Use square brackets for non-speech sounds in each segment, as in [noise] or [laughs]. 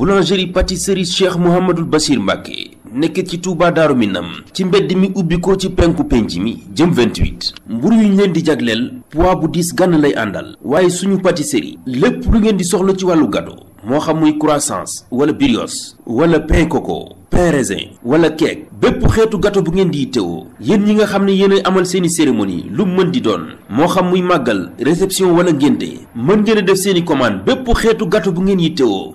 boulangerie pâtisserie cheikh Mouhamadul Bachir Mbacke nekk ci Touba Daaru Minam ci mbedd mi ubbi ko ci penku penc mi jëm 28 mburu yu ñu leen di jagleel poids bu diis gànn lay àndal waaye suñu pâtisserie lépp lu ngeen di soxla ci wàllu gâteau moo xam muy croissants wala brioche wala pain coco pain raisin wala cake bépp xeetu gato bu ngeen di yittewoo yéen ñi nga xam ne yéen amal seeni cérémonie lu mën di doon moo xam muy màggal réception wala ngénte mën ngeen a def seeni commande bépp xeetu gâteau bu ngeen yittewoo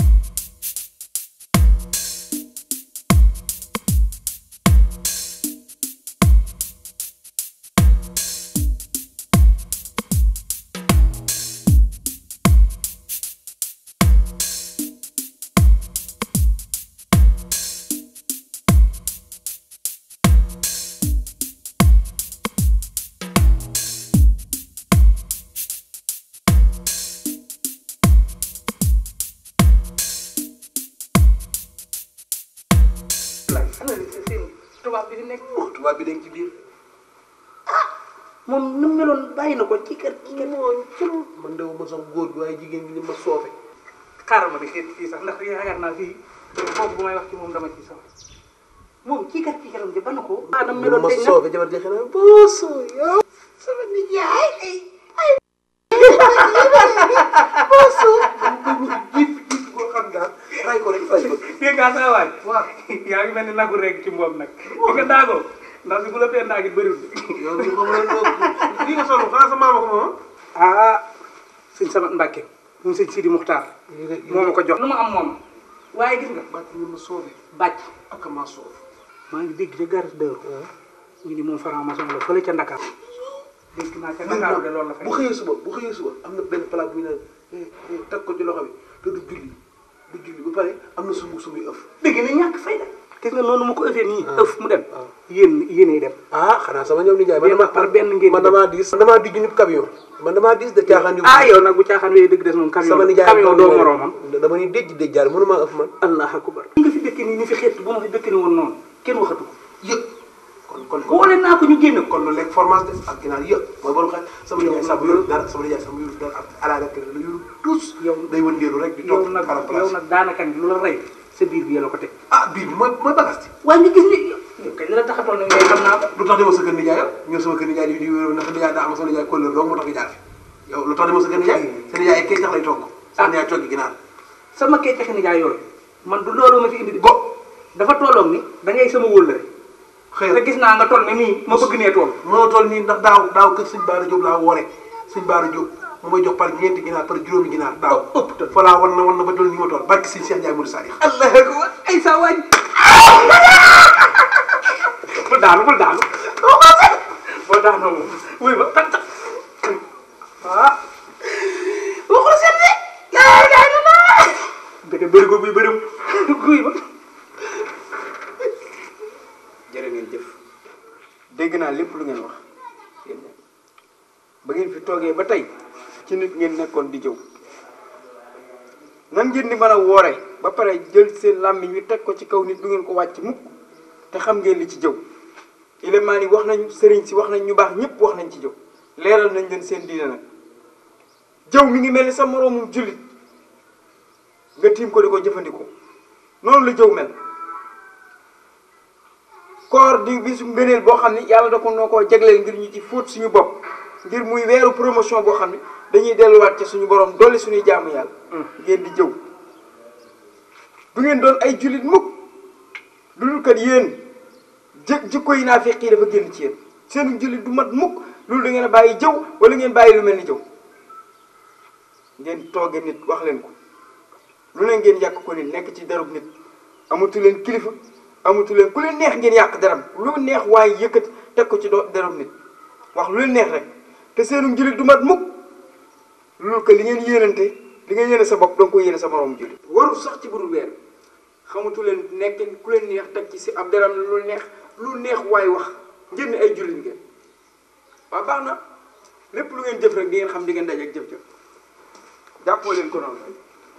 tubaab bi fi nekk. waaw oh, tubaab bi dañ ci biir. ah mu meloon bàyyi na ko ci kër ci kër. moo ci man de ma sax góor bi waaye jigéen bi ni ma soofe. xaaral ma bi fii sax ndax yaakaar naa moom dama ci sax moom ci kër ci këram ko. ah dama meloon tey ma soofe jabar ji xanaa boo soo yow. sama nijaay ay ay. [laughs] boo soo. ray ko rek ray ko. dégg nga saa [laughs] yaa ngi mel ni nagu rek ci mboom nag. bu ko ndax si bu la fee naagi bëriwul. yow li ko mën a lii nga sonn xanaa sa maama ko moom. ah sëñ sama Mbàkke mu sëñ Sidi Muxtaar. moo ma ko jox lu ma am moom. waaye gis nga. bàcc ñu ma ak ma soof. ngi dégg ca gare dër. Ah. moom franc-maçon la fële ca Ndakar. dégg naa loolu la fay. bu xëyee suba bu xëyee suba am na benn palaat bu ñu naan eh, eh, takk ko ci loxo bi te du julli. bu pare am na sumb sumb ëf dégg na ñàkk fayda gis nga noonu mu ko ëffee nii ëf mu dem ah. yéen yéenay dem ah xanaa sama ni jaay man par benn ngeen man damaa diis man damaa diis ñu camion man damaa diis de caaxaan yu ah yow nag bu caaxaan wee dëgg des moom camion sama nijaay camion doo moroomam dama ni déj déj jaar mënu maa ëf man allah akbar nga fi dëkk nii ni fi xeet bu ma fi dëkk woon noonu kenn waxatu kon kon boole naa ko ñu génne kon lu lekk formation def ak ginaar yëpp mooy borom xel sama yaay sama yorul dara sama yaay sama yorul dara ak ala rek la yorul tous yow day wëndeelu rek di toog yow nag daanaka lu la rey sa biir bi la ko teg ah biir bi mooy mooy bagage waaye nga gis ni kay li la tax a toll nii xam naa ko lu tax demoo sa kër nijaay ñëw sama kër nijaay di na fa nijaay daa am sama nijaay kóllëre dong moo tax nga jaar fi yow lu tax demoo sa kër nijaay ah. sa nijaay ay kecax lay togg sa nijaay togg ginaar sama kecax nijaay yooyu man du loolu ma fi indi bo dafa tolloog ni da ngay sama wóllëre xëy na gis naa nga toll ni nii ma bëgg nee tool. mënoo toll nii ndax daaw daaw kër sëñ Baara Diop laa woore sëñ Baara Diop mu may jox par ñeenti ginaar par juróomi ginaar daaw ëpp te fa laa wan na ba toll nii ma toll barki sëñ Cheikh Ndiaye Modou Sadiq. saa waaj. bul daanu bul daanu. ba tànn tànn ah. waxul seen ne. yaa yaa yaa. dëgg bëri ko buy bëriwul ba. toogee ba tey ci nit ngeen nekkoon di jëw nan ngeen di mën a woore ba pare jël seen làmbiñ wi teg ko ci kaw nit du ngeen ko wàcc mukk te xam ngeen li ci jëw ilimaan yi wax nañ sëriñ si wax nañ ñu baax ñépp wax nañ ci jëw leeral nañ leen seen diine nag jëw mi ngi mel ni sa moroomum jullit nga tiim ko di ko jëfandikoo loolu la jëw mel koor di bisu ngëneel boo xam ne yàlla da ko noo koo jagleel ngir ñu ci fóot suñu bopp ngir muy weeru promotion boo xam ne dañuy delluwaat ci suñu borom dolli suñuy jaamu yàlla mm. ngeen di jëw du ngeen doon ay jullit mukk lu dul kat yéen jëkk jikko yi naa feqi dafa génn ci yéen seenu jullit du mat mukk loolu da ngeen a bàyyi jëw wala ngeen bàyyi lu mel ni jëw ngeen tooge nit wax leen ko lu ne ngeen yàq ko nit nekk ci darub nit amatu leen kilifa amatu leen ku leen neex ngeen yàq daram lu neex waaye yëkkati teg ko ci do darub nit wax lu leen neex rek te seenu njulit du mat mukk loolu que li ngeen yéenante li nga yéene sa bopp danga ko yéene sa moroom julit warul sax ci budul weer xamatu leen nekkin ku leen neex teg ci si ab daram lu neex lu neex waay wax ngeen ay jullit ngeen waaw baax na lépp lu ngeen jëf rek di ngeen xam di ngeen daje ak jëf-jëf jàppoo leen ko noonu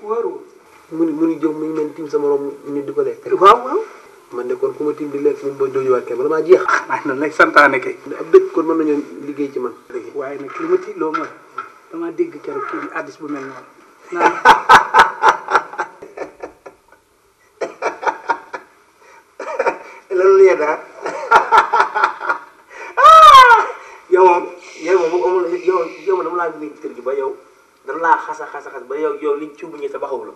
waru mu ni mu ni jëw mu ngi mel tim sa moroom nit di ko lekk waaw waaw man ne kon ku ma tiim di lekk moom mooy doyuwaat kay bala maa jeex. ah noonu lay santaane kay. ab dëkk kon mën nañoo liggéey ci man. waaye nag li ma tiiloo mooy damaa dégg keroog kii bi addis bu mel noonu. [laughs] lan la ñu ah? [laughs] dara yow moom yow laa gis kër ba yow dama laa xasa xasa ba yow yow liñ ci bu ñu sa baxawul.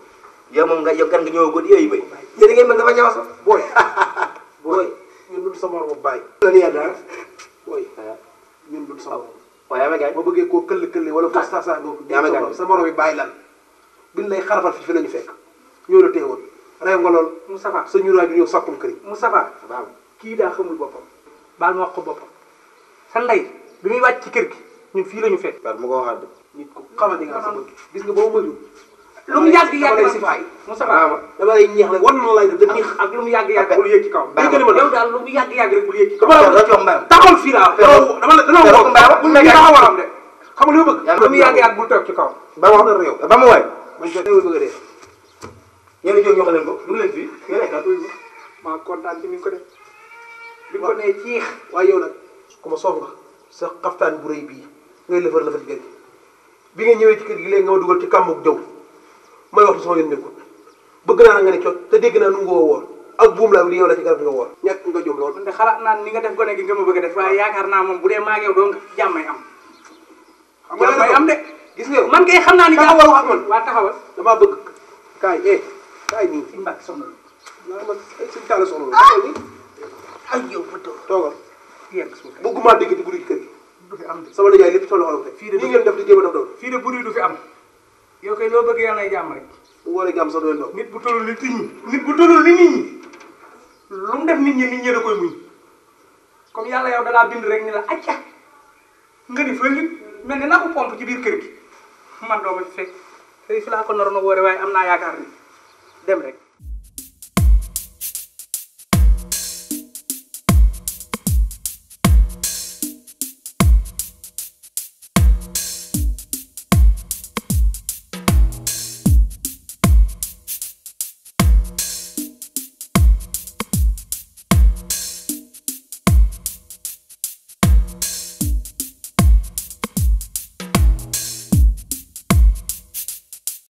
yow moom nga yow kan nga ñëwagul yooyu bay yéen a ngi mel dafa ñaaw sax booy booy ñun duñ sa morom bàyyi. lan yaa daal booy ñun duñ sa morom. waaye yaa ma gaay boo bëggee koo këll këll wala ko saa saa doo yaa ma gaay sa morom yi bàyyi lan biñ lay xarafal fi fi lañu fekk ñoo la teewoon rew nga lool Moustapha sa ñuraay bi ñëw sàppul kër yi Moustapha kii daa xamul boppam baal ma wax ko boppam sa ndey bi muy wàcc ci kër gi ñun fii lañu fekk mu ko waxaat nit ku xamadi nga sa gis nga boo lu mu yàgg yàgg la si fay Moussa Ba dama lay ñeex rek wan na lay def da neex ak lu mu yàgg yàgg rek bul yëg ci kaw yow daal lu mu yàgg yàgg rek bul yëg ci kaw taxawal fii laa dama la dama woo bu nekk yaa waram de xam nga li ma bëgg lu mu yàgg yàgg bul toog ci kaw ba ma wax na réew ba ma waay man jot bëgg a dee yéen a jóg ñoo leen ko lu leen fii yéen a maa kontaan ci ni ko def bi ko nee ciix waaye yow nag ku ma soof nga sa xaftaan bu rëy bii ngay lëfar lëfar ci kër gi bi nga ñëwee ci kër gi léegi nga ma dugal ci kàmmuk jëw may wax ci sama bëgg naa nga ne cot te dégg naa nu woo woor ak buum laa wuli la ci garab ñàkk nga jom loolu. te xalaat naa ni nga def gone gi nga a def waaye yaakaar naa moom bu dee maa ngi yow doo nga am. de gis nga man kay xam naa ni. taxawal wax man waa taxawal damaa bëgg. kaay eh kaay nii si mbàkk soxna la. naa ma si taal soxna la. ay yow bu tooy. toogal bëgguma dégg di buri kër gi. du fi am de sama nijaay lépp solo xolam rek. fii de du fi am yow kay loo bëgg yàlla ay jàmm rek. bu wóoree jàmm sax doy nit bu tollu ni nit ñi nit bu tollu ni nit ñi lu mu def nit ñi nit ñi da koy muñ comme yàlla yow dalaa bind rek ni la acca nga ni fa nit mel ni naa ko pompe ci biir kër gi man doo ma fekk tey fi laa ko naroon a waaye am naa yaakaar ni dem rek.